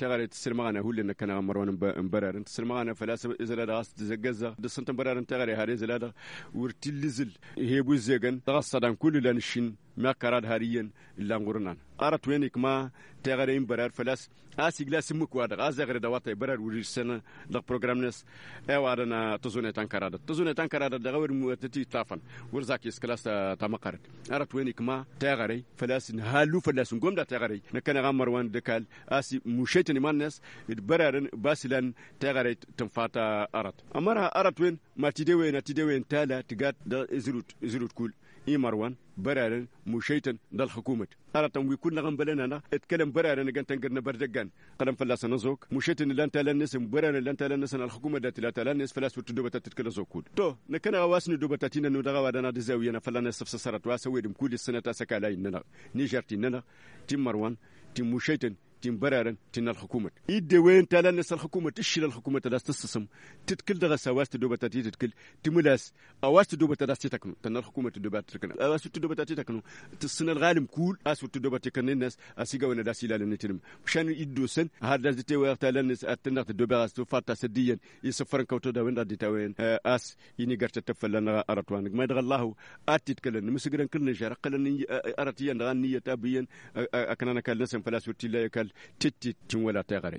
تغري تسلمغانا هو اللي كان مروان مبرر تسلمغانا فلاسف ازلا غاس تزقزا دسنت مبرر تغالي هاري زلاد ورتي لزل هي بوزيغن غاس كل لانشين ma karad hariyen langurunan arat wenik ma tegare in barar falas asigla simuk wada azagre da wata barar wurir sana da programnes e wada na tuzune tan karada tuzune tan karada da gawar mu tati tafan wur zaki sklas ta makarat arat wenik ma tegare falas halu falas gomda tegare na kana gamar wan dekal asi mushetin mannes id bararen basilan tegare tanfata arat amara arat wen ma tidewe na tidewe tala tigat da zirut zirut kul i marwan برارا مشيتا للحكومة حكومة أرتم ويكون غن بلنا أنا اتكلم برارا جن تنقرنا بردقان قدم فلاس نزوك مشيتن لان تالنس برارن لان تالنس الحكومة دات لا تالنس فلاس وتدوبة تتكلم زوكود تو نكنا واسن دوبة تاتينا نودغا ودنا دزاوينا فلانا سفسسرت واسويدم كل السنة تاسكا لايننا نيجرتي ننا تيم مروان تيم مشيتن تنبرارن تن الحكومة إيد وين تلا نس الحكومة تشيل الحكومة تلاس تسسم تتكل دغة سواس تدوبة تاتي تتكل تملاس أواس تدوبة تلاس تتكنو تن الحكومة تدوبة تتكنو أواس تدوبة تاتي تتكنو تسن الغالم كول أس تدوبة تكن الناس أسيقا وين داسي لا لنتنم مشان إيدو سن هاد لازي تيوير تلا نس أتنغ تدوبة أس تفاتا سديا يسفرن كوتو دا دا ديتاوين أس يني غرت تفلن أرطوانك ما يدغى الله أتي تكلن مسجرن كلن شارق كلن أرتيا نغان نية تابيا أكنانا كالنسن فلا سورتي لا يكال تتي تنولا تغري